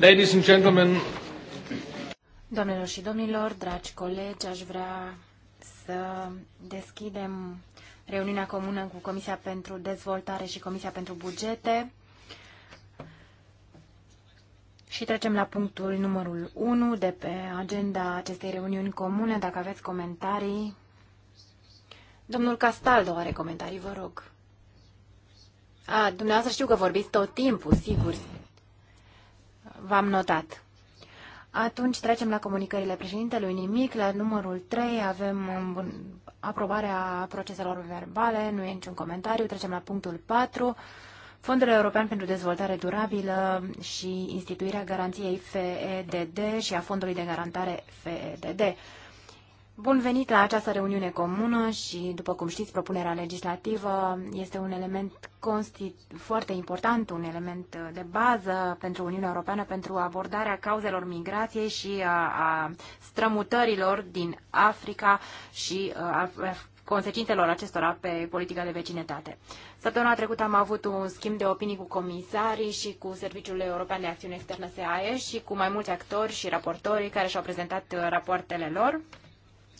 Ladies and gentlemen. Doamnelor și domnilor, dragi colegi, aș vrea să deschidem reuniunea comună cu Comisia pentru Dezvoltare și Comisia pentru Bugete. Și trecem la punctul numărul 1 de pe agenda acestei reuniuni comune. Dacă aveți comentarii, domnul Castaldo are comentarii, vă rog. A, dumneavoastră știu că vorbiți tot timpul, sigur. V-am notat. Atunci trecem la comunicările președintelui. Nimic. La numărul 3 avem aprobarea proceselor verbale. Nu e niciun comentariu. Trecem la punctul 4. Fondul European pentru Dezvoltare Durabilă și instituirea garanției FEDD și a Fondului de Garantare FEDD. Bun venit la această reuniune comună și, după cum știți, propunerea legislativă este un element foarte important, un element de bază pentru Uniunea Europeană pentru abordarea cauzelor migrației și a, a strămutărilor din Africa și a, a consecințelor acestora pe politica de vecinătate. Săptămâna trecută am avut un schimb de opinii cu comisarii și cu Serviciul European de Acțiune Externă SAE și cu mai mulți actori și raportorii care și-au prezentat uh, rapoartele lor.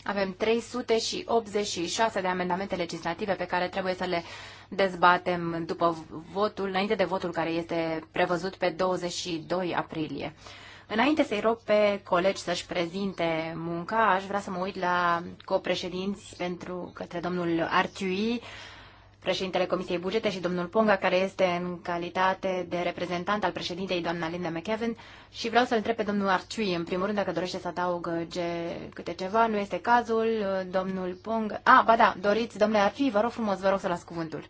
Avem 386 de amendamente legislative pe care trebuie să le dezbatem după votul, înainte de votul care este prevăzut pe 22 aprilie. Înainte să-i rog pe colegi să-și prezinte munca, aș vrea să mă uit la copreședinți pentru către domnul Artiui, președintele Comisiei Bugete și domnul Ponga, care este în calitate de reprezentant al președintei doamna Linda McKevin și vreau să-l întreb pe domnul Arciui, în primul rând, dacă dorește să adaugă câte ceva, nu este cazul, domnul Ponga... A, ah, ba da, doriți, domnule Arciui, vă rog frumos, vă rog să las cuvântul.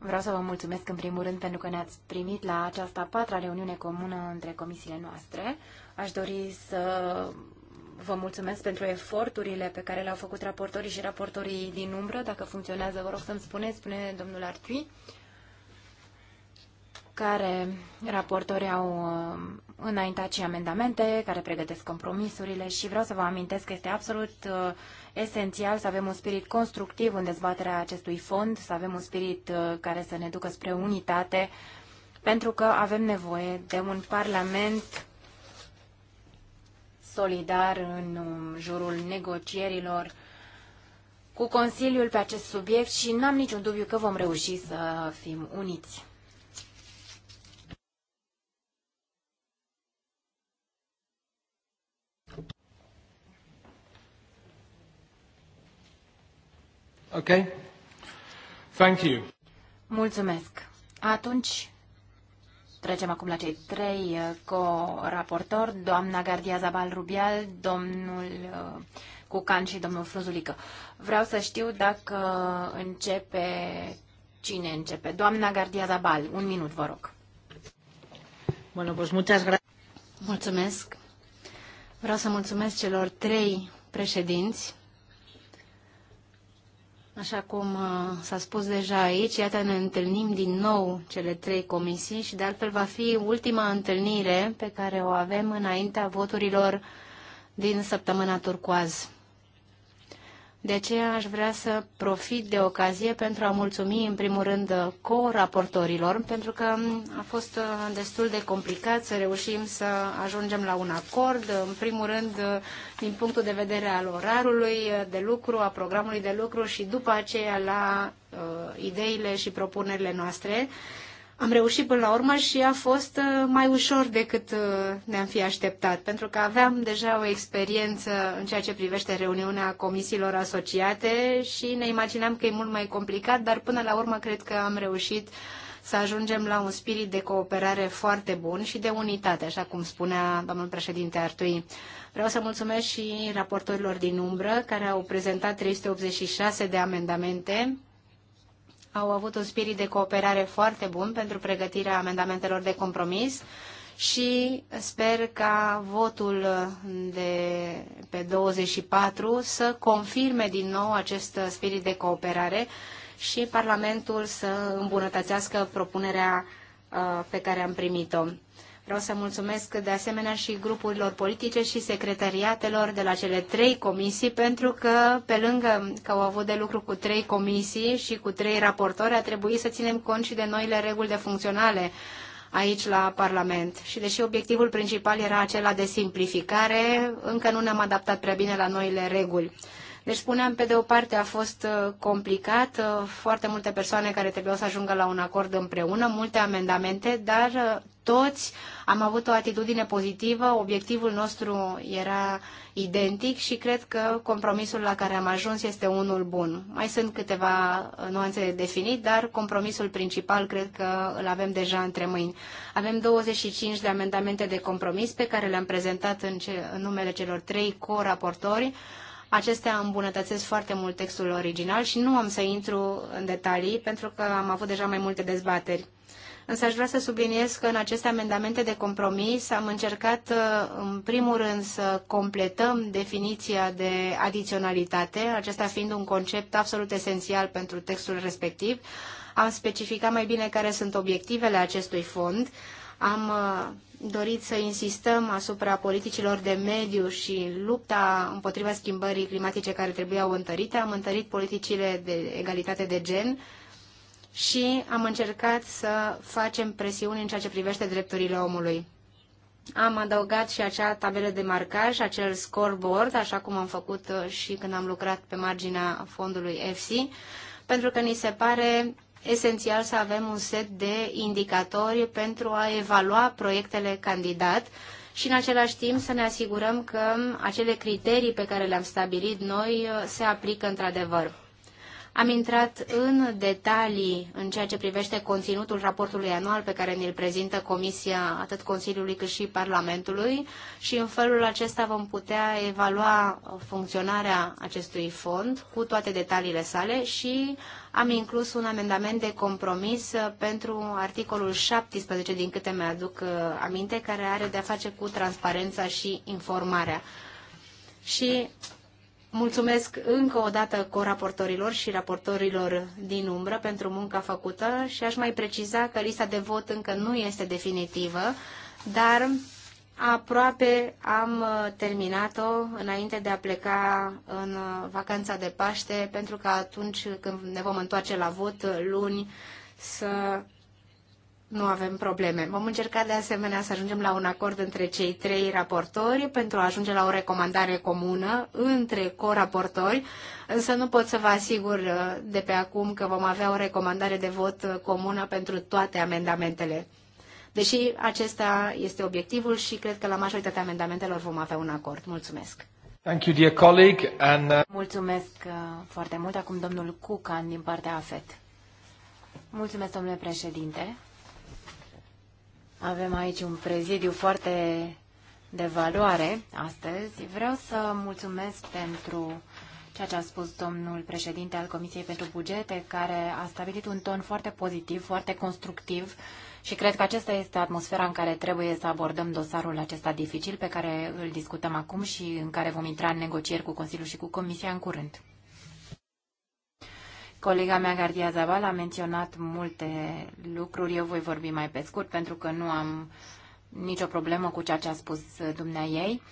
Vreau să vă mulțumesc în primul rând pentru că ne-ați primit la această patra reuniune comună între comisiile noastre. Aș dori să vă mulțumesc pentru eforturile pe care le-au făcut raportorii și raportorii din umbră. Dacă funcționează, vă rog să-mi spuneți, spune domnul Artui, care raportori au uh, înaintat și amendamente, care pregătesc compromisurile și vreau să vă amintesc că este absolut uh, esențial să avem un spirit constructiv în dezbaterea acestui fond, să avem un spirit uh, care să ne ducă spre unitate, pentru că avem nevoie de un parlament solidar în um, jurul negocierilor cu Consiliul pe acest subiect și n-am niciun dubiu că vom reuși să fim uniți. Ok. Thank you. Mulțumesc. Atunci, trecem acum la cei trei uh, co-raportori, doamna Gardia Zabal Rubial, domnul uh, Cucan și domnul Fruzulică. Vreau să știu dacă începe, cine începe. Doamna Gardia Zabal, un minut, vă rog. Bueno, pues muchas Mulțumesc. Vreau să mulțumesc celor trei președinți Așa cum uh, s-a spus deja aici, iată ne întâlnim din nou cele trei comisii și de altfel va fi ultima întâlnire pe care o avem înaintea voturilor din săptămâna turcoază. De aceea aș vrea să profit de ocazie pentru a mulțumi în primul rând co-raportorilor, pentru că a fost uh, destul de complicat să reușim să ajungem la un acord, în primul rând uh, din punctul de vedere al orarului uh, de lucru, a programului de lucru și după aceea la uh, ideile și propunerile noastre. Uh, am reușit până la urmă și a fost uh, mai ușor decât uh, ne-am fi așteptat, pentru că aveam deja o experiență în ceea ce privește reuniunea comisiilor asociate și ne imaginam că e mult mai complicat, dar până la urmă cred că am reușit să ajungem la un spirit de cooperare foarte bun și de unitate, așa cum spunea domnul președinte Artui. Vreau să mulțumesc și raportorilor din umbră care au prezentat 386 de amendamente au avut un spirit de cooperare foarte bun pentru pregătirea amendamentelor de compromis și sper ca votul de pe 24 să confirme din nou acest spirit de cooperare și Parlamentul să îmbunătățească propunerea uh, pe care am primit-o. Vreau să mulțumesc de asemenea și grupurilor politice și secretariatelor de la cele trei comisii, pentru că pe lângă că au avut de lucru cu trei comisii și cu trei raportori, a trebuit să ținem cont și de noile reguli de funcționale aici la Parlament. Și deși obiectivul principal era acela de simplificare, încă nu ne-am adaptat prea bine la noile reguli. Deci, spuneam, pe de o parte a fost uh, complicat, uh, foarte multe persoane care trebuiau să ajungă la un acord împreună, multe amendamente, dar uh, toți am avut o atitudine pozitivă, obiectivul nostru era identic și cred că compromisul la care am ajuns este unul bun. Mai sunt câteva nuanțe de definit, dar compromisul principal cred că îl avem deja între mâini. Avem 25 de amendamente de compromis pe care le-am prezentat în, ce, în numele celor trei co-raportori. Acestea îmbunătățesc foarte mult textul original și nu am să intru în detalii pentru că am avut deja mai multe dezbateri. Însă aș vrea să subliniez că în aceste amendamente de compromis am încercat uh, în primul rând să completăm definiția de adiționalitate, acesta fiind un concept absolut esențial pentru textul respectiv. Am specificat mai bine care sunt obiectivele acestui fond, am uh, dorit să insistăm asupra politicilor de mediu și lupta împotriva schimbării climatice care trebuiau întărite. Am întărit politicile de egalitate de gen și am încercat să facem presiuni în ceea ce privește drepturile omului. Am adăugat și acea tabelă de marcaj, acel scoreboard, așa cum am făcut uh, și când am lucrat pe marginea fondului EFSI, pentru că ni se pare esențial să avem un set de indicatori pentru a evalua proiectele candidat și în același timp să ne asigurăm că acele criterii pe care le-am stabilit noi uh, se aplică într-adevăr. Am intrat în detalii în ceea ce privește conținutul raportului anual pe care ne-l prezintă Comisia atât Consiliului cât și Parlamentului și în felul acesta vom putea evalua funcționarea acestui fond cu toate detaliile sale și am inclus un amendament de compromis pentru articolul 17, din câte mi-aduc uh, aminte, care are de-a face cu transparența și informarea. Și Mulțumesc încă o dată coraportorilor și raportorilor din umbră pentru munca făcută și aș mai preciza că lista de vot încă nu este definitivă, dar aproape am uh, terminat-o înainte de a pleca în uh, vacanța de Paște, pentru că atunci când ne vom întoarce la vot uh, luni să nu avem probleme. Vom încerca de asemenea să ajungem la un acord între cei trei raportori pentru a ajunge la o recomandare comună între coraportori, însă nu pot să vă asigur uh, de pe acum că vom avea o recomandare de vot uh, comună pentru toate amendamentele. Deși acesta este obiectivul și cred că la majoritatea amendamentelor vom avea un acord. Mulțumesc! Thank you, dear colleague, and, uh... Mulțumesc uh, foarte mult. Acum domnul Cucan din partea AFET. Mulțumesc, domnule președinte. Avem aici un prezidiu foarte de valoare astăzi. Vreau să mulțumesc pentru ceea ce a spus domnul președinte al Comisiei pentru Bugete, care a stabilit un ton foarte pozitiv, foarte constructiv și cred că acesta este atmosfera în care trebuie să abordăm dosarul acesta dificil pe care îl discutăm acum și în care vom intra în negocieri cu Consiliul și cu Comisia în curând. Colega mea, Gardia Zaval, a menționat multe lucruri. Eu voi vorbi mai pe scurt pentru că nu am nicio problemă cu ceea ce a spus dumnea ei.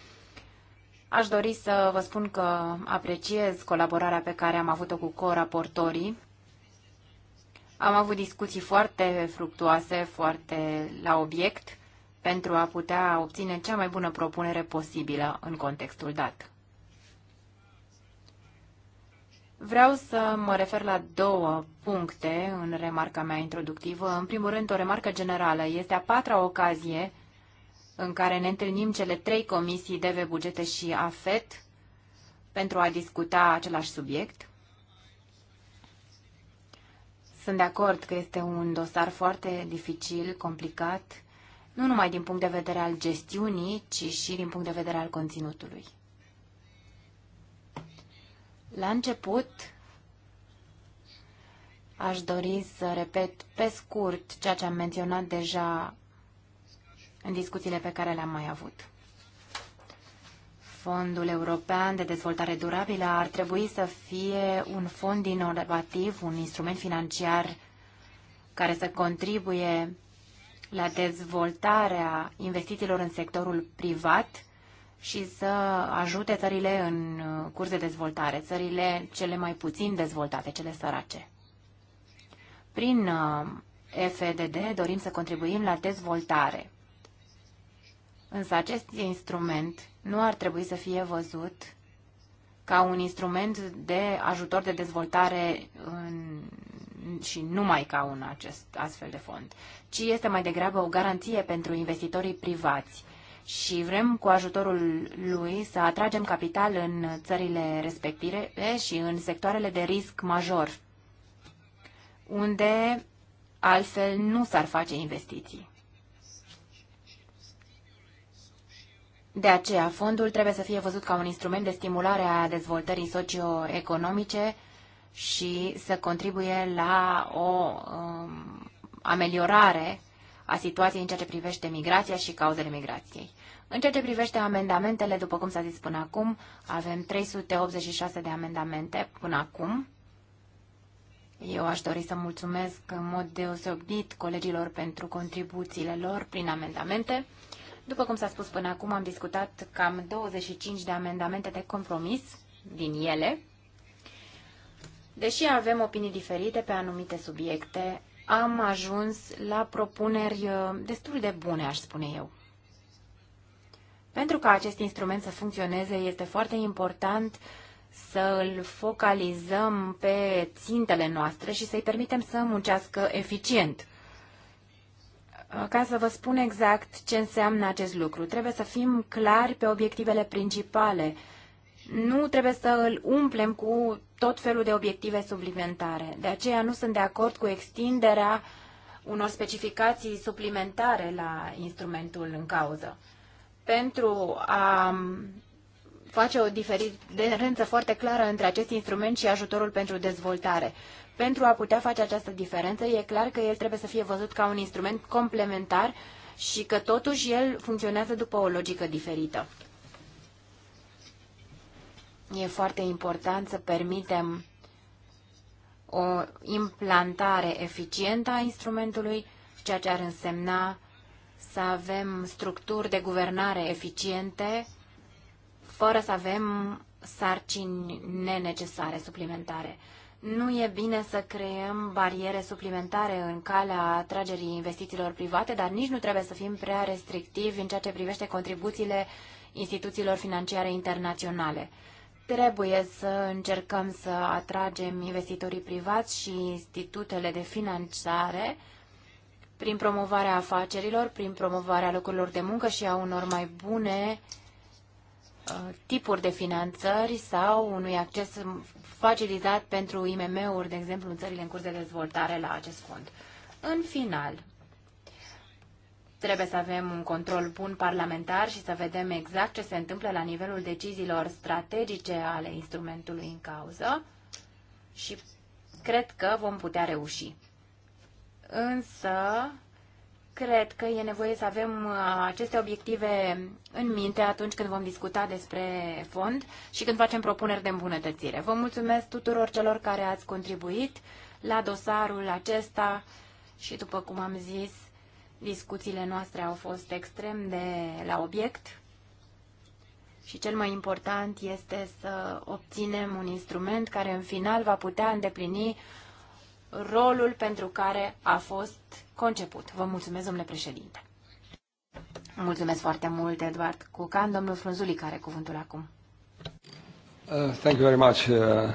Aș dori să vă spun că apreciez colaborarea pe care am avut-o cu co-raportorii. Am avut discuții foarte fructuoase, foarte la obiect, pentru a putea obține cea mai bună propunere posibilă în contextul dat. Vreau să mă refer la două puncte în remarca mea introductivă. În primul rând, o remarcă generală. Este a patra ocazie în care ne întâlnim cele trei comisii DV Bugete și AFET pentru a discuta același subiect. Sunt de acord că este un dosar foarte dificil, complicat, nu numai din punct de vedere al gestiunii, ci și din punct de vedere al conținutului. La început, aș dori să repet pe scurt ceea ce am menționat deja în discuțiile pe care le-am mai avut. Fondul European de Dezvoltare Durabilă ar trebui să fie un fond inovativ, un instrument financiar care să contribuie la dezvoltarea investițiilor în sectorul privat și să ajute țările în uh, curs de dezvoltare, țările cele mai puțin dezvoltate, cele sărace. Prin uh, FDD dorim să contribuim la dezvoltare. Însă acest instrument nu ar trebui să fie văzut ca un instrument de ajutor de dezvoltare în, și numai ca un acest astfel de fond, ci este mai degrabă o garanție pentru investitorii privați – și vrem cu ajutorul lui să atragem capital în țările respective și în sectoarele de risc major, unde altfel nu s-ar face investiții. De aceea, fondul trebuie să fie văzut ca un instrument de stimulare a dezvoltării socioeconomice și să contribuie la o um, ameliorare a situației în ceea ce privește migrația și cauzele migrației. În ceea ce privește amendamentele, după cum s-a zis până acum, avem 386 de amendamente până acum. Eu aș dori să mulțumesc în mod deosebit colegilor pentru contribuțiile lor prin amendamente. După cum s-a spus până acum, am discutat cam 25 de amendamente de compromis din ele. Deși avem opinii diferite pe anumite subiecte, am ajuns la propuneri uh, destul de bune, aș spune eu. Pentru ca acest instrument să funcționeze, este foarte important să îl focalizăm pe țintele noastre și să-i permitem să muncească eficient. Uh, ca să vă spun exact ce înseamnă acest lucru, trebuie să fim clari pe obiectivele principale nu trebuie să îl umplem cu tot felul de obiective suplimentare. De aceea nu sunt de acord cu extinderea unor specificații suplimentare la instrumentul în cauză. Pentru a face o diferență foarte clară între acest instrument și ajutorul pentru dezvoltare. Pentru a putea face această diferență, e clar că el trebuie să fie văzut ca un instrument complementar și că totuși el funcționează după o logică diferită. E foarte important să permitem o implantare eficientă a instrumentului, ceea ce ar însemna să avem structuri de guvernare eficiente, fără să avem sarcini nenecesare, suplimentare. Nu e bine să creăm bariere suplimentare în calea atragerii investițiilor private, dar nici nu trebuie să fim prea restrictivi în ceea ce privește contribuțiile instituțiilor financiare internaționale. Trebuie să încercăm să atragem investitorii privați și institutele de finanțare prin promovarea afacerilor, prin promovarea locurilor de muncă și a unor mai bune uh, tipuri de finanțări sau unui acces facilitat pentru IMM-uri, de exemplu, în țările în curs de dezvoltare la acest fond. În final, Trebuie să avem un control bun parlamentar și să vedem exact ce se întâmplă la nivelul deciziilor strategice ale instrumentului în cauză și cred că vom putea reuși. Însă, cred că e nevoie să avem uh, aceste obiective în minte atunci când vom discuta despre fond și când facem propuneri de îmbunătățire. Vă mulțumesc tuturor celor care ați contribuit la dosarul acesta și, după cum am zis, Discuțiile noastre au fost extrem de la obiect și cel mai important este să obținem un instrument care în final va putea îndeplini rolul pentru care a fost conceput. Vă mulțumesc, domnule președinte. Mulțumesc foarte mult, Eduard Cucan. Domnul Frunzuli, care cuvântul acum. Uh, thank you very much. Uh...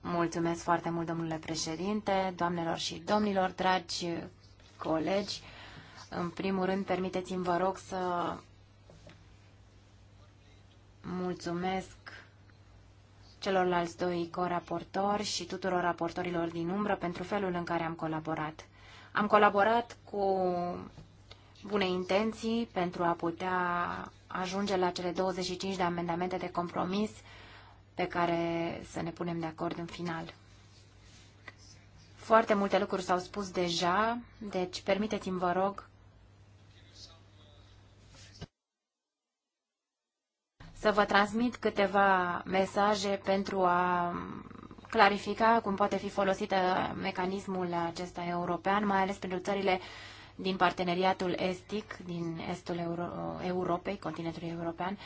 Mulțumesc foarte mult, domnule președinte, doamnelor și domnilor, dragi colegi. În primul rând, permiteți-mi, vă rog, să mulțumesc celorlalți doi coraportori și tuturor raportorilor din umbră pentru felul în care am colaborat. Am colaborat cu bune intenții pentru a putea ajunge la cele 25 de amendamente de compromis pe care să ne punem de acord în final. Foarte multe lucruri s-au spus deja, deci permiteți-mi, vă rog, să vă transmit câteva mesaje pentru a clarifica cum poate fi folosit mecanismul acesta european, mai ales pentru țările din parteneriatul estic, din estul Euro- Europei, continentului european,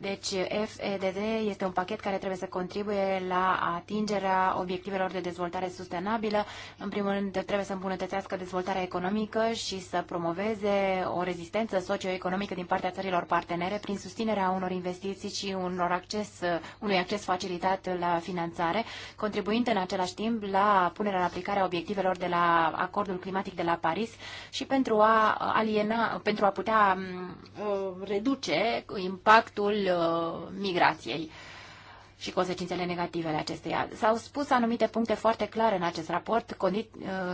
deci FEDD este un pachet care trebuie să contribuie la atingerea obiectivelor de dezvoltare sustenabilă. În primul rând trebuie să îmbunătățească dezvoltarea economică și să promoveze o rezistență socioeconomică din partea țărilor partenere prin susținerea unor investiții și unor acces, unui acces facilitat la finanțare, contribuind în același timp la punerea în aplicare a obiectivelor de la acordul climatic de la Paris și pentru a aliena, pentru a putea mm, reduce impactul Uh, migrației și consecințele negative ale acesteia. S-au spus anumite puncte foarte clare în acest raport uh,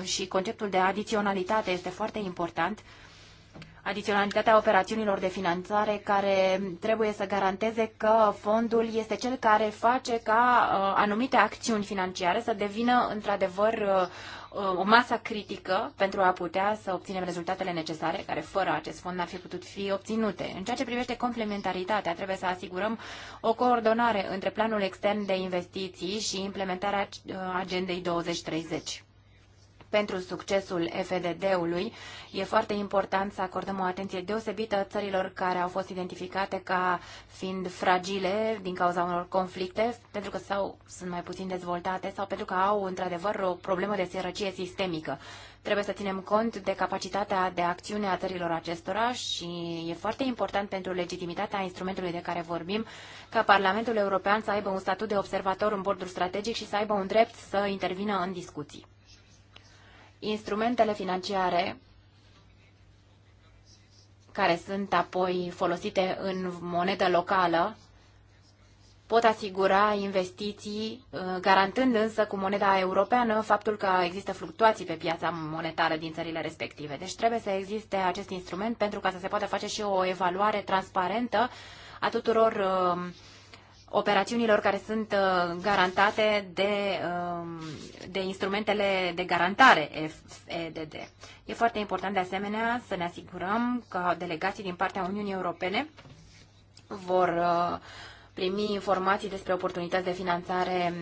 și conceptul de adiționalitate este foarte important. Adiționalitatea operațiunilor de finanțare care trebuie să garanteze că fondul este cel care face ca uh, anumite acțiuni financiare să devină într-adevăr o masă critică pentru a putea să obținem rezultatele necesare, care fără acest fond n-ar fi putut fi obținute. În ceea ce privește complementaritatea, trebuie să asigurăm o coordonare între planul extern de investiții și implementarea uh, agendei 2030 pentru succesul FDD-ului, e foarte important să acordăm o atenție deosebită țărilor care au fost identificate ca fiind fragile din cauza unor conflicte, pentru că sau sunt mai puțin dezvoltate sau pentru că au într-adevăr o problemă de sărăcie sistemică. Trebuie să ținem cont de capacitatea de acțiune a țărilor acestora și e foarte important pentru legitimitatea instrumentului de care vorbim ca Parlamentul European să aibă un statut de observator în bordul strategic și să aibă un drept să intervină în discuții instrumentele financiare care sunt apoi folosite în monedă locală pot asigura investiții, uh, garantând însă cu moneda europeană faptul că există fluctuații pe piața monetară din țările respective. Deci trebuie să existe acest instrument pentru ca să se poată face și o evaluare transparentă a tuturor uh, operațiunilor care sunt uh, garantate de, um, de instrumentele de garantare FEDD. E foarte important de asemenea să ne asigurăm că delegații din partea Uniunii Europene vor uh, primi informații despre oportunități de finanțare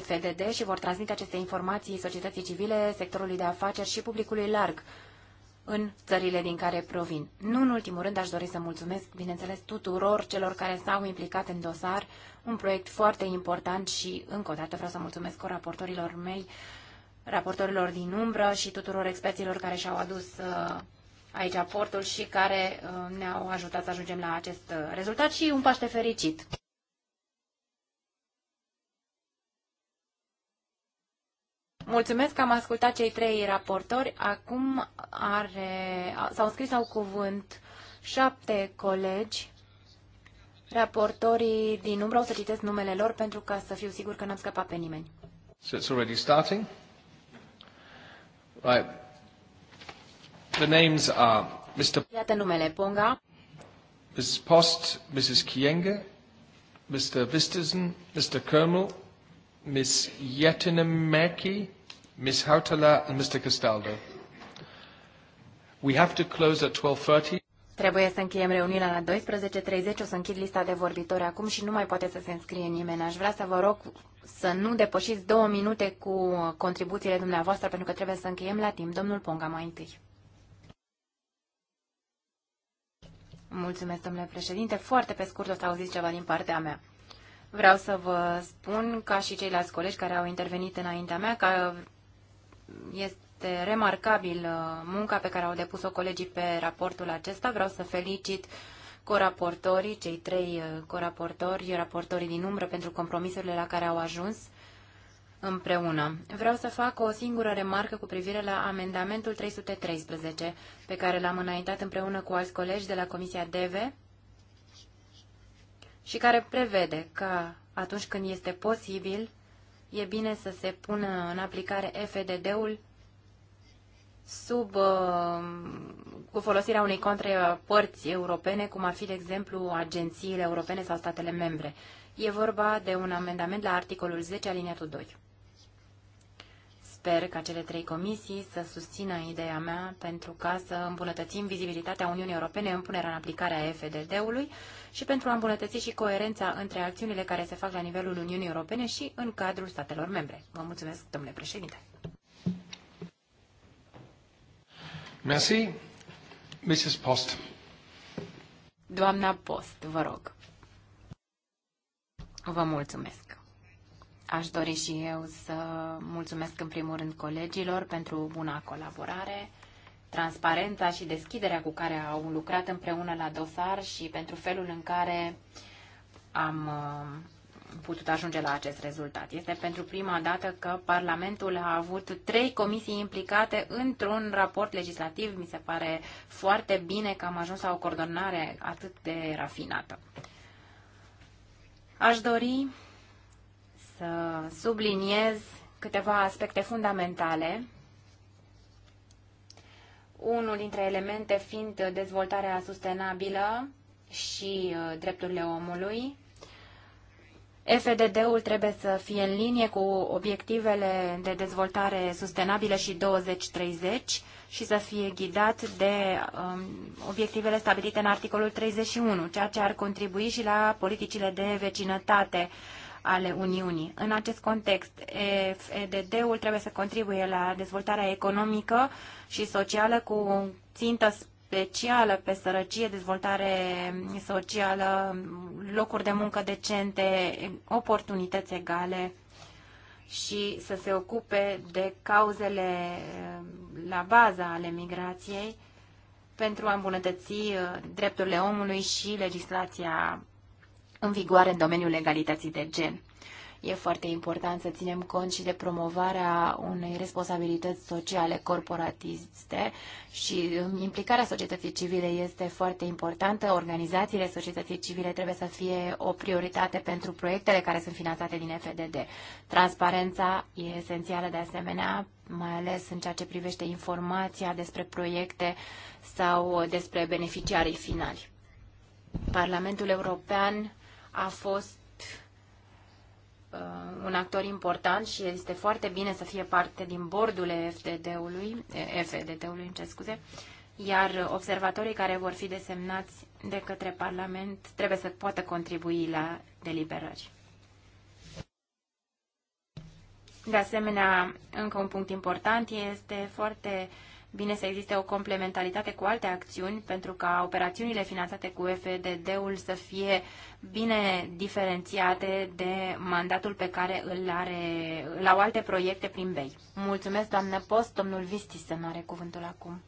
FDD și vor transmite aceste informații societății civile, sectorului de afaceri și publicului larg în țările din care provin. Nu în ultimul rând aș dori să mulțumesc, bineînțeles, tuturor celor care s-au implicat în dosar, un proiect foarte important și încă o dată vreau să mulțumesc raportorilor mei, raportorilor din umbră și tuturor experților care și-au adus uh, aici aportul și care uh, ne-au ajutat să ajungem la acest uh, rezultat și un Paște fericit! Mulțumesc că am ascultat cei trei raportori. Acum are, s-au scris au cuvânt șapte colegi. Raportorii din umbră o să citesc numele lor pentru ca să fiu sigur că n-am scăpat pe nimeni. So it's already starting. Right. The names are Mr. Iată numele Ponga. Mrs. Post, Mrs. Kienge, Mr. Vistesen, Mr. Kermel, Ms. Yetinemeki, Ms. Hautala and Mr. Castaldo. We have to close at 12.30. Trebuie să încheiem reuniunea la 12.30, o să închid lista de vorbitori acum și nu mai poate să se înscrie nimeni. Aș vrea să vă rog să nu depășiți două minute cu contribuțiile dumneavoastră, pentru că trebuie să încheiem la timp. Domnul Ponga, mai întâi. Mulțumesc, domnule președinte. Foarte pe scurt o să auziți ceva din partea mea. Vreau să vă spun, ca și ceilalți colegi care au intervenit înaintea mea, că este remarcabil uh, munca pe care au depus-o colegii pe raportul acesta. Vreau să felicit coraportorii, cei trei uh, coraportori, raportorii din umbră pentru compromisurile la care au ajuns împreună. Vreau să fac o singură remarcă cu privire la amendamentul 313 pe care l-am înaintat împreună cu alți colegi de la Comisia DEVE și care prevede că atunci când este posibil e bine să se pună în aplicare FDD-ul sub, uh, cu folosirea unei contrapărți europene, cum ar fi, de exemplu, agențiile europene sau statele membre. E vorba de un amendament la articolul 10, aliniatul 2 sper ca cele trei comisii să susțină ideea mea pentru ca să îmbunătățim vizibilitatea Uniunii Europene în punerea în aplicare a FDD-ului și pentru a îmbunătăți și coerența între acțiunile care se fac la nivelul Uniunii Europene și în cadrul statelor membre. Vă mulțumesc, domnule președinte. Merci. Mrs. Post. Doamna Post, vă rog. Vă mulțumesc. Aș dori și eu să mulțumesc în primul rând colegilor pentru buna colaborare, transparența și deschiderea cu care au lucrat împreună la dosar și pentru felul în care am uh, putut ajunge la acest rezultat. Este pentru prima dată că Parlamentul a avut trei comisii implicate într-un raport legislativ. Mi se pare foarte bine că am ajuns la o coordonare atât de rafinată. Aș dori să subliniez câteva aspecte fundamentale. Unul dintre elemente fiind dezvoltarea sustenabilă și uh, drepturile omului. FDD-ul trebuie să fie în linie cu obiectivele de dezvoltare sustenabilă și 2030 și să fie ghidat de um, obiectivele stabilite în articolul 31, ceea ce ar contribui și la politicile de vecinătate uh, ale Uniunii. În acest context, FEDD-ul trebuie să contribuie la dezvoltarea economică și socială cu o țintă specială pe sărăcie, dezvoltare socială, locuri de muncă decente, oportunități egale și să se ocupe de cauzele eh, la baza ale migrației pentru a îmbunătăți eh, drepturile omului și legislația în vigoare în domeniul legalității de gen. E foarte important să ținem cont și de promovarea unei responsabilități sociale corporatiste și implicarea societății civile este foarte importantă. Organizațiile societății civile trebuie să fie o prioritate pentru proiectele care sunt finanțate din FDD. Transparența e esențială de asemenea, mai ales în ceea ce privește informația despre proiecte sau despre beneficiarii finali. Parlamentul European a fost uh, un actor important și este foarte bine să fie parte din bordul FDD-ului, eh, FDD-ului, scuze, iar observatorii care vor fi desemnați de către Parlament trebuie să poată contribui la deliberări. De asemenea, încă un punct important este foarte uh, bine să existe o complementaritate cu alte acțiuni pentru ca operațiunile finanțate cu FDD-ul să fie bine diferențiate de mandatul pe care îl are la alte proiecte prin BEI. Mulțumesc, doamnă Post. Domnul Vistis să are cuvântul acum.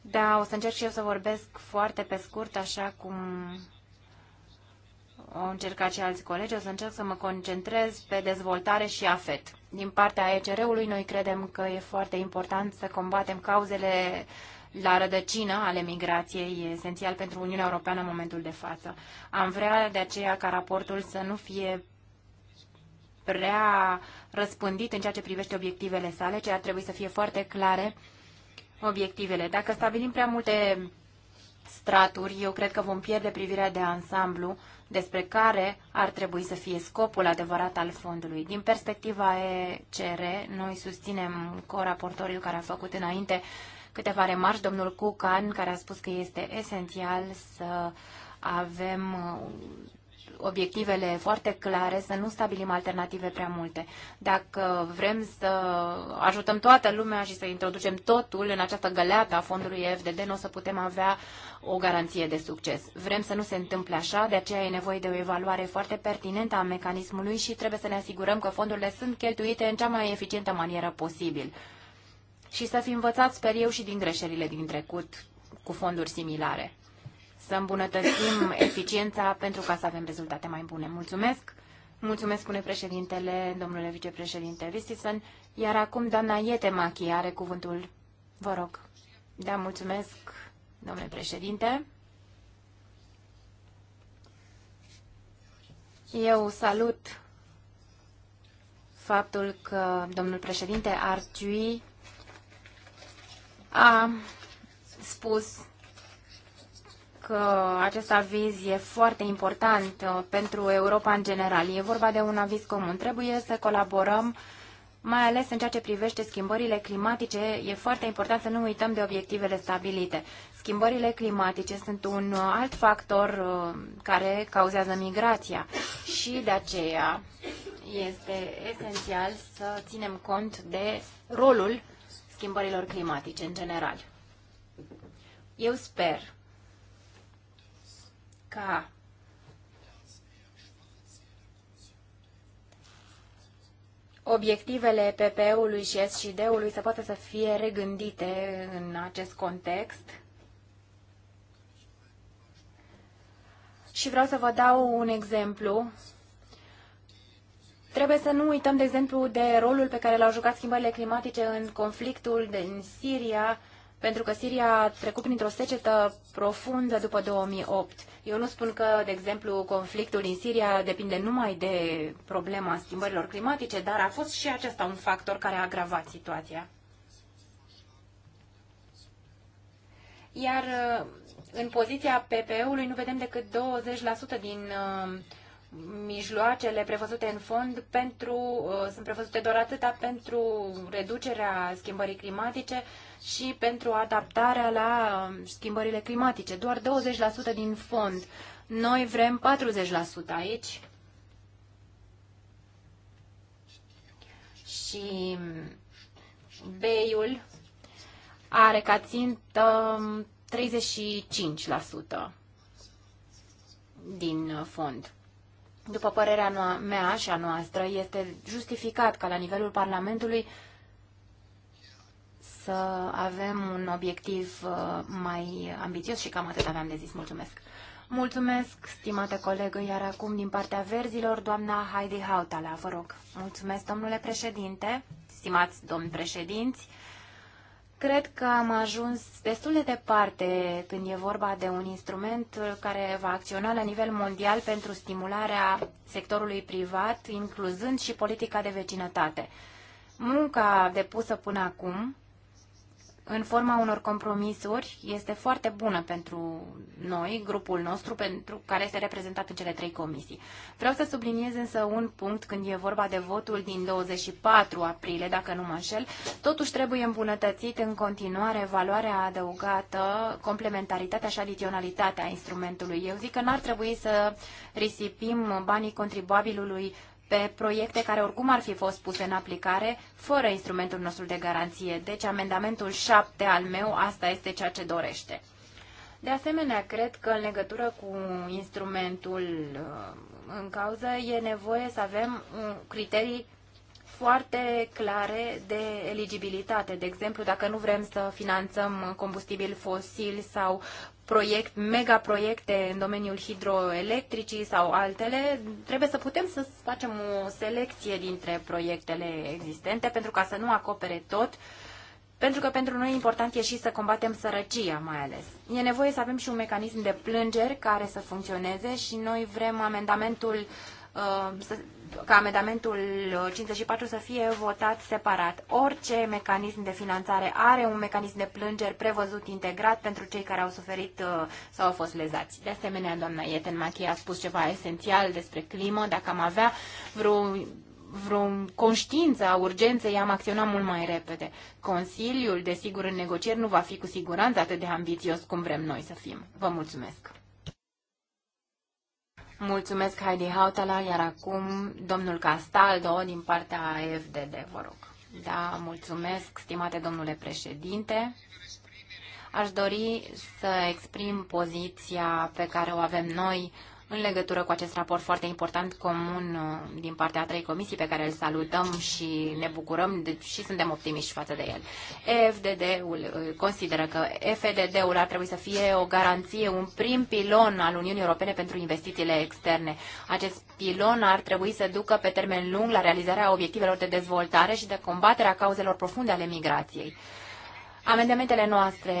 Da, o să încerc și eu să vorbesc foarte pe scurt, așa cum au încercat și alți colegi, o să încerc să mă concentrez pe dezvoltare și afet. Din partea ECR-ului, noi credem că e foarte important să combatem cauzele la rădăcină ale migrației, e esențial pentru Uniunea Europeană în momentul de față. Am vrea de aceea ca raportul să nu fie prea răspândit în ceea ce privește obiectivele sale, ce ar trebui să fie foarte clare obiectivele. Dacă stabilim prea multe straturi, eu cred că vom pierde privirea de ansamblu despre care ar trebui să fie scopul adevărat al fondului. Din perspectiva ECR, noi susținem coraportorul care a făcut înainte câteva remarci, domnul Cucan, care a spus că este esențial să avem obiectivele foarte clare, să nu stabilim alternative prea multe. Dacă vrem să ajutăm toată lumea și să introducem totul în această găleată a fondului FDD, nu o să putem avea o garanție de succes. Vrem să nu se întâmple așa, de aceea e nevoie de o evaluare foarte pertinentă a mecanismului și trebuie să ne asigurăm că fondurile sunt cheltuite în cea mai eficientă manieră posibil. Și să fi învățat, sper eu, și din greșelile din trecut cu fonduri similare să îmbunătățim eficiența pentru ca să avem rezultate mai bune. Mulțumesc! Mulțumesc, spune președintele, domnule vicepreședinte Vistison. Iar acum doamna Machi are cuvântul. Vă rog. Da, mulțumesc, domnule președinte. Eu salut faptul că domnul președinte Arciui a spus că acest aviz e foarte important uh, pentru Europa în general. E vorba de un aviz comun. Trebuie să colaborăm, mai ales în ceea ce privește schimbările climatice. E foarte important să nu uităm de obiectivele stabilite. Schimbările climatice sunt un alt factor uh, care cauzează migrația și de aceea este esențial să ținem cont de rolul schimbărilor climatice în general. Eu sper ca obiectivele PPE-ului și SCD-ului să poată să fie regândite în acest context. Și vreau să vă dau un exemplu. Trebuie să nu uităm, de exemplu, de rolul pe care l-au jucat schimbările climatice în conflictul din Siria, pentru că Siria a trecut printr-o secetă profundă după 2008. Eu nu spun că, de exemplu, conflictul în Siria depinde numai de problema schimbărilor climatice, dar a fost și acesta un factor care a agravat situația. Iar uh, în poziția PPE-ului nu vedem decât 20% din uh, mijloacele prevăzute în fond pentru, uh, sunt prevăzute doar atâta pentru reducerea schimbării climatice, și pentru adaptarea la um, schimbările climatice. Doar 20% din fond. Noi vrem 40% aici. Și um, beiul are ca țintă 35% um, din uh, fond. După părerea mea și a noastră, este justificat ca la nivelul Parlamentului să avem un obiectiv uh, mai ambițios și cam atât aveam de zis. Mulțumesc! Mulțumesc, stimată colegă, iar acum din partea verzilor, doamna Heidi Hautala, vă rog. Mulțumesc, domnule președinte, stimați domni președinți. Cred că am ajuns destul de departe când e vorba de un instrument care va acționa la nivel mondial pentru stimularea sectorului privat, incluzând și politica de vecinătate. Munca depusă până acum în forma unor compromisuri este foarte bună pentru noi, grupul nostru, pentru care este reprezentat în cele trei comisii. Vreau să subliniez însă un punct când e vorba de votul din 24 aprilie, dacă nu mă înșel. Totuși trebuie îmbunătățit în continuare valoarea adăugată, complementaritatea și adiționalitatea instrumentului. Eu zic că n-ar trebui să risipim banii contribuabilului pe proiecte care oricum ar fi fost puse în aplicare fără instrumentul nostru de garanție. Deci amendamentul 7 al meu, asta este ceea ce dorește. De asemenea, cred că în legătură cu instrumentul uh, în cauză e nevoie să avem criterii foarte clare de eligibilitate. De exemplu, dacă nu vrem să finanțăm combustibil fosil sau proiect, megaproiecte în domeniul hidroelectricii sau altele, trebuie să putem să facem o selecție dintre proiectele existente pentru ca să nu acopere tot, pentru că pentru noi important e și să combatem sărăcia mai ales. E nevoie să avem și un mecanism de plângeri care să funcționeze și noi vrem amendamentul uh, Uh, ca amendamentul 54 să fie votat separat. Orice mecanism de finanțare are un mecanism de plângeri prevăzut integrat pentru cei care au suferit uh, sau au fost lezați. De asemenea, doamna Ieten Machie a spus ceva esențial despre climă. Dacă am avea vreo vreo conștiință a urgenței, am acționat mult mai repede. Consiliul, desigur, în negocieri nu va fi cu siguranță atât de ambițios cum vrem noi să fim. Vă mulțumesc! Mulțumesc, Heidi Hautala, iar acum domnul Castaldo din partea FDD, vă rog. Da, mulțumesc, stimate domnule președinte. Aș dori să exprim poziția pe care o avem noi în legătură cu acest raport foarte important comun uh, din partea a trei comisii pe care îl salutăm și ne bucurăm de, și suntem optimiști față de el. EFDD-ul uh, consideră că efdd ul ar trebui să fie o garanție, un prim pilon al Uniunii Europene pentru investițiile externe. Acest pilon ar trebui să ducă pe termen lung la realizarea obiectivelor de dezvoltare și de combaterea cauzelor profunde ale migrației. Amendamentele noastre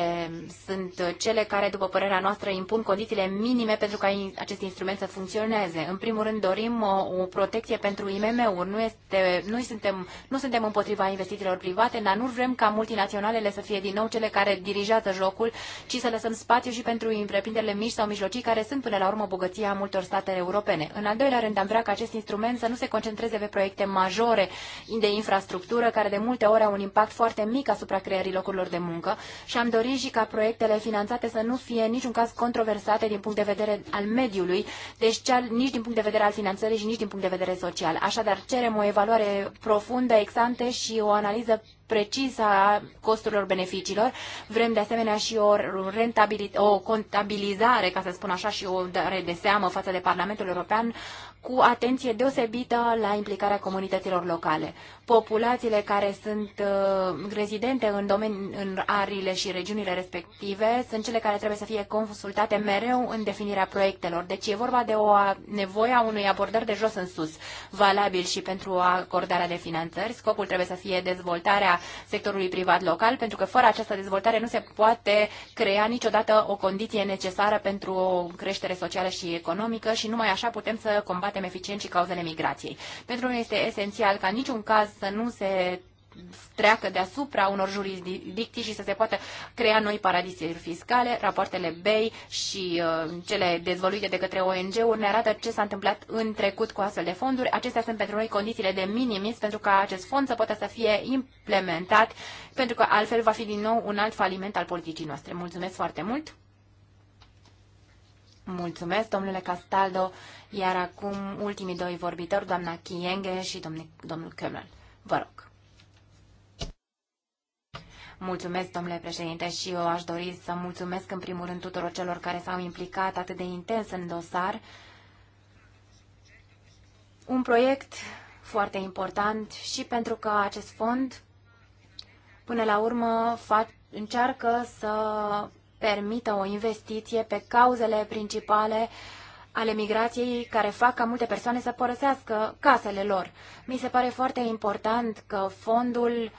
sunt cele care, după părerea noastră, impun condițiile minime pentru ca acest instrument să funcționeze. În primul rând, dorim o, o protecție pentru IMM-uri. Nu, este, noi suntem, nu suntem împotriva investițiilor private, dar nu vrem ca multinaționalele să fie din nou cele care dirigează jocul, ci să lăsăm spațiu și pentru întreprinderile mici sau mijlocii, care sunt până la urmă bogăția multor state europene. În al doilea rând, am vrea ca acest instrument să nu se concentreze pe proiecte majore de infrastructură, care de multe ori au un impact foarte mic asupra creării locurilor de muncă și am dorit și ca proiectele finanțate să nu fie în niciun caz controversate din punct de vedere al mediului, deci cel, nici din punct de vedere al finanțării și nici din punct de vedere social. Așadar, cerem o evaluare profundă, exante și o analiză precisă a costurilor beneficiilor. Vrem de asemenea și o, o contabilizare, ca să spun așa, și o dare de seamă față de Parlamentul European cu atenție deosebită la implicarea comunităților locale populațiile care sunt uh, rezidente în, domeni, în arile și regiunile respective sunt cele care trebuie să fie consultate mereu în definirea proiectelor. Deci e vorba de o nevoie a unui abordări de jos în sus, valabil și pentru acordarea de finanțări. Scopul trebuie să fie dezvoltarea sectorului privat local, pentru că fără această dezvoltare nu se poate crea niciodată o condiție necesară pentru o creștere socială și economică și numai așa putem să combatem eficient și cauzele migrației. Pentru noi este esențial ca niciun caz să nu se treacă deasupra unor jurisdicții și să se poată crea noi paradisuri fiscale. Rapoartele BEI și uh, cele dezvoluite de către ONG-uri ne arată ce s-a întâmplat în trecut cu astfel de fonduri. Acestea sunt pentru noi condițiile de minimis pentru ca acest fond să poată să fie implementat, pentru că altfel va fi din nou un alt faliment al politicii noastre. Mulțumesc foarte mult! Mulțumesc, domnule Castaldo, iar acum ultimii doi vorbitori, doamna Chienghe și domnul Kömmel. Vă rog. Mulțumesc, domnule președinte, și eu aș dori să mulțumesc în primul rând tuturor celor care s-au implicat atât de intens în dosar. Un proiect foarte important și pentru că acest fond, până la urmă, încearcă să permită o investiție pe cauzele principale uh, ale migrației care fac ca multe persoane să părăsească casele lor. Mi se pare foarte important că fondul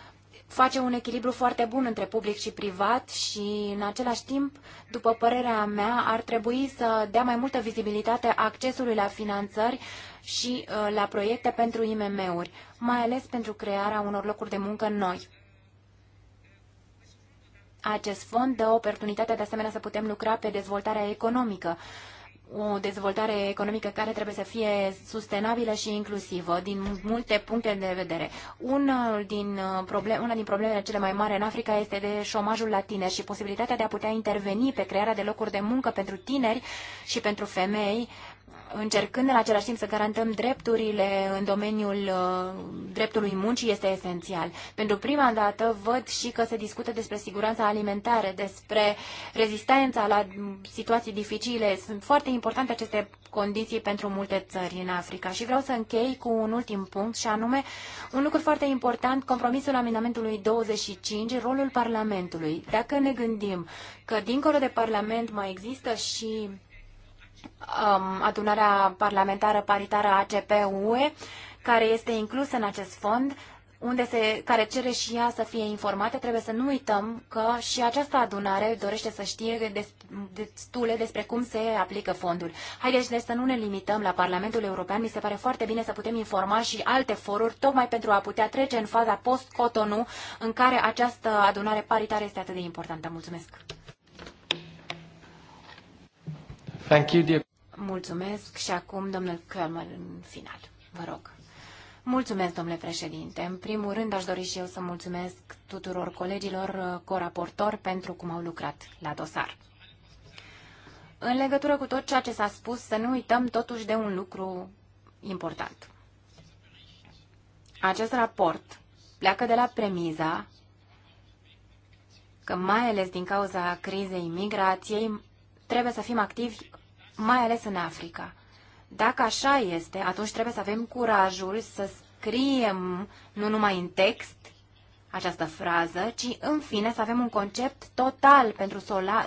face un echilibru foarte bun între public și privat și, în același timp, după părerea mea, ar trebui să dea mai multă vizibilitate accesului la finanțări și uh, la proiecte pentru IMM-uri, mai ales pentru crearea unor locuri de muncă noi. Acest fond dă oportunitatea de asemenea să putem lucra pe dezvoltarea economică. Uh, o dezvoltare economică care trebuie să fie sustenabilă și inclusivă din multe puncte de vedere. Unul din uh, problem, una din problemele cele mai mari în Africa este de șomajul la tineri și posibilitatea de a putea interveni pe crearea de locuri de muncă pentru tineri și pentru femei încercând în același timp să garantăm drepturile în domeniul uh, dreptului muncii este esențial. Pentru prima dată văd și că se discută despre siguranța alimentară, despre rezistența la situații dificile. Sunt foarte importante aceste condiții pentru multe țări în Africa. Și vreau să închei cu un ultim punct și anume un lucru foarte important, compromisul amendamentului 25, rolul Parlamentului. Dacă ne gândim că dincolo de Parlament mai există și Um, adunarea parlamentară paritară ACP-UE, care este inclusă în acest fond, unde se, care cere și ea să fie informată, trebuie să nu uităm că și această adunare dorește să știe destule despre cum se aplică fondul. Haideți deci să nu ne limităm la Parlamentul European, mi se pare foarte bine să putem informa și alte foruri, tocmai pentru a putea trece în faza post-Cotonou, în care această adunare paritară este atât de importantă. Mulțumesc! Thank you, dear. Mulțumesc și acum domnul Kramer în final. Vă rog. Mulțumesc, domnule președinte. În primul rând, aș dori și eu să mulțumesc tuturor colegilor uh, coraportori pentru cum au lucrat la dosar. În legătură cu tot ceea ce s-a spus, să nu uităm totuși de un lucru important. Acest raport pleacă de la premiza că mai ales din cauza crizei migrației trebuie să fim activi mai ales în Africa. Dacă așa este, atunci trebuie să avem curajul să scriem nu numai în text această frază, ci în fine să avem un concept total pentru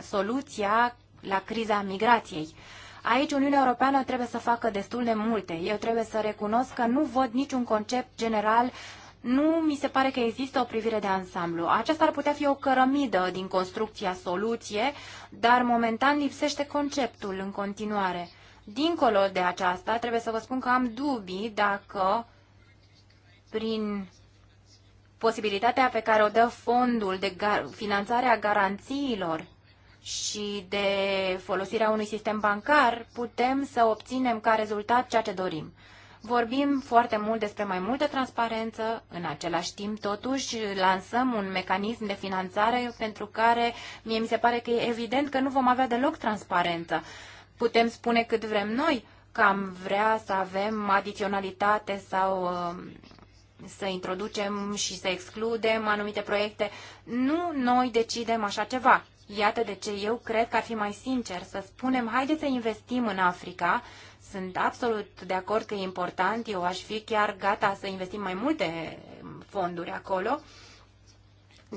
soluția la criza migrației. Aici Uniunea Europeană trebuie să facă destul de multe. Eu trebuie să recunosc că nu văd niciun concept general nu mi se pare că există o privire de ansamblu. Aceasta ar putea fi o cărămidă din construcția soluție, dar momentan lipsește conceptul în continuare. Dincolo de aceasta, trebuie să vă spun că am dubii dacă prin posibilitatea pe care o dă fondul de gar- a garanțiilor și de folosirea unui sistem bancar, putem să obținem ca rezultat ceea ce dorim. Vorbim foarte mult despre mai multă transparență, în același timp totuși lansăm un mecanism de finanțare pentru care mie mi se pare că e evident că nu vom avea deloc transparență. Putem spune cât vrem noi că am vrea să avem adiționalitate sau um, să introducem și să excludem anumite proiecte. Nu noi decidem așa ceva. Iată de ce eu cred că ar fi mai sincer să spunem, haideți să investim în Africa sunt absolut de acord că e important, eu aș fi chiar gata să investim mai multe fonduri acolo,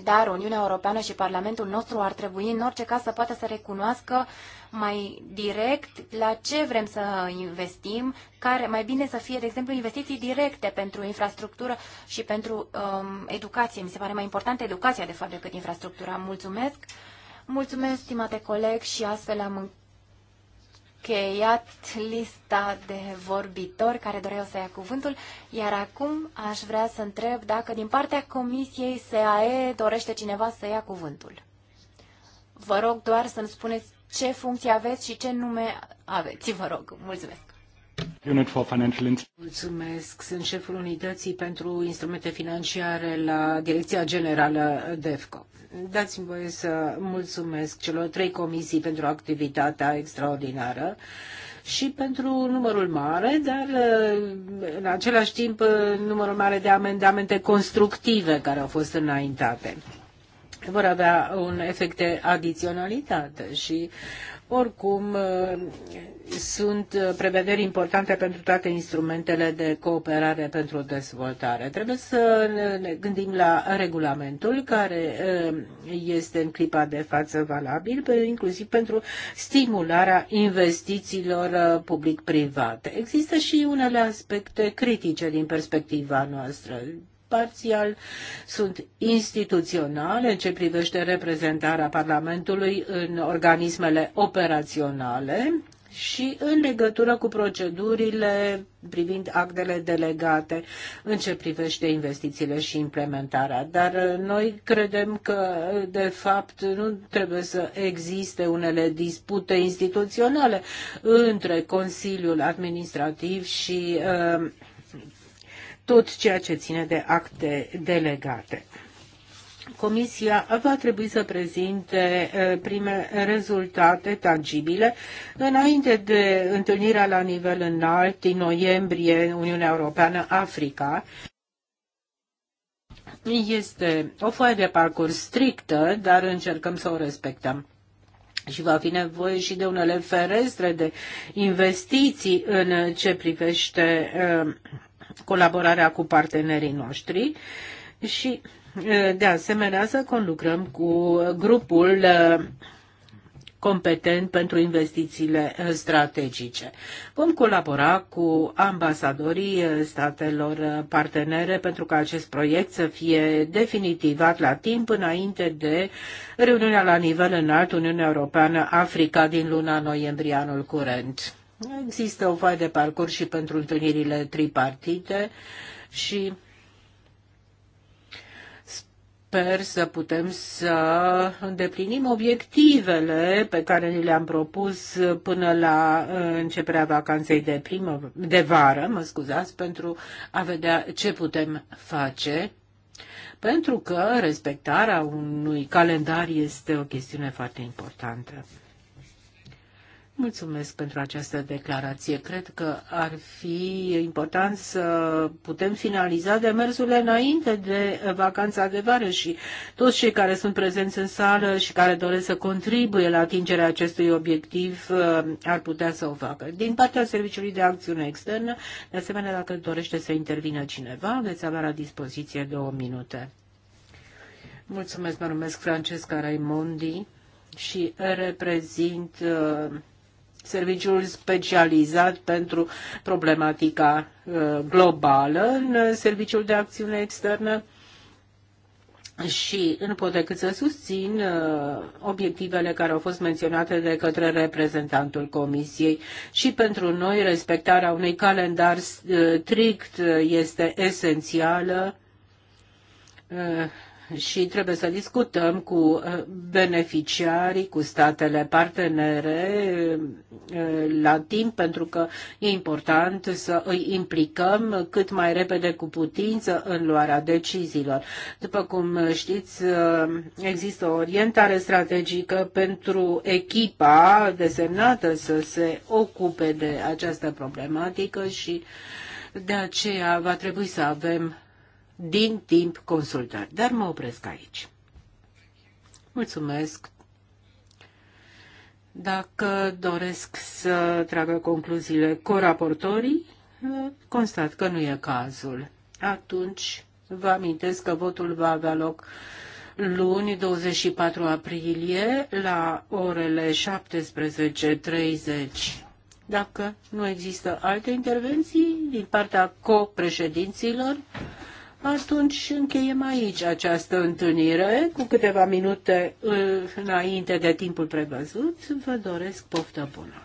dar Uniunea Europeană și Parlamentul nostru ar trebui în orice caz să poată să recunoască mai direct la ce vrem să investim, care mai bine să fie, de exemplu, investiții directe pentru infrastructură și pentru um, educație. Mi se pare mai importantă educația, de fapt, decât infrastructura. Mulțumesc! Mulțumesc, stimate coleg, și astfel am încheiat lista de vorbitori care doreau să ia cuvântul, iar acum aș vrea să întreb dacă din partea Comisiei SAE dorește cineva să ia cuvântul. Vă rog doar să-mi spuneți ce funcție aveți și ce nume aveți, vă rog. Mulțumesc. Unit for Financial Mulțumesc. Sunt șeful unității pentru instrumente financiare la Direcția Generală DEFCO. Dați-mi voie să mulțumesc celor trei comisii pentru activitatea extraordinară și pentru numărul mare, dar în același timp numărul mare de amendamente constructive care au fost înaintate vor avea un efect de adiționalitate și oricum, uh, sunt uh, prevederi importante pentru toate instrumentele de cooperare pentru dezvoltare. Trebuie să ne gândim la regulamentul care uh, este în clipa de față valabil, inclusiv pentru stimularea investițiilor public-private. Există și unele aspecte critice din perspectiva noastră parțial sunt instituționale în ce privește reprezentarea Parlamentului în organismele operaționale și în legătură cu procedurile privind actele delegate în ce privește investițiile și implementarea. Dar uh, noi credem că, uh, de fapt, nu trebuie să existe unele dispute instituționale între Consiliul Administrativ și uh, tot ceea ce ține de acte delegate. Comisia va trebui să prezinte prime rezultate tangibile înainte de întâlnirea la nivel înalt din noiembrie Uniunea Europeană-Africa. Este o foaie de parcurs strictă, dar încercăm să o respectăm. Și va fi nevoie și de unele ferestre de investiții în ce privește uh, colaborarea cu partenerii noștri și de asemenea să conlucrăm cu grupul competent pentru investițiile strategice. Vom colabora cu ambasadorii statelor partenere pentru ca acest proiect să fie definitivat la timp înainte de reuniunea la nivel înalt Uniunea Europeană-Africa din luna noiembrie anul curent. Există o foaie de parcurs și pentru întâlnirile tripartite și sper să putem să îndeplinim obiectivele pe care ni le-am propus până la uh, începerea vacanței de, primă, de vară, mă scuzați, pentru a vedea ce putem face, pentru că respectarea unui calendar este o chestiune foarte importantă. Mulțumesc pentru această declarație. Cred că ar fi important să putem finaliza demersurile înainte de vacanța de vară și toți cei care sunt prezenți în sală și care doresc să contribuie la atingerea acestui obiectiv uh, ar putea să o facă. Din partea Serviciului de Acțiune Externă, de asemenea, dacă dorește să intervină cineva, veți avea la dispoziție două minute. Mulțumesc, mă numesc Francesca Raimondi și reprezint uh, serviciul specializat pentru problematica uh, globală în serviciul de acțiune externă și nu pot decât să susțin uh, obiectivele care au fost menționate de către reprezentantul Comisiei și pentru noi respectarea unui calendar uh, strict este esențială și trebuie să discutăm cu uh, beneficiarii, cu statele partenere uh, la timp, pentru că e important să îi implicăm cât mai repede cu putință în luarea deciziilor. După cum știți, uh, există o orientare strategică pentru echipa desemnată să se ocupe de această problematică și de aceea va trebui să avem din timp consultat. Dar mă opresc aici. Mulțumesc. Dacă doresc să tragă concluziile coraportorii, constat că nu e cazul. Atunci vă amintesc că votul va avea loc luni 24 aprilie la orele 17.30. Dacă nu există alte intervenții din partea copreședinților, atunci încheiem aici această întâlnire cu câteva minute înainte de timpul prevăzut. Vă doresc poftă bună!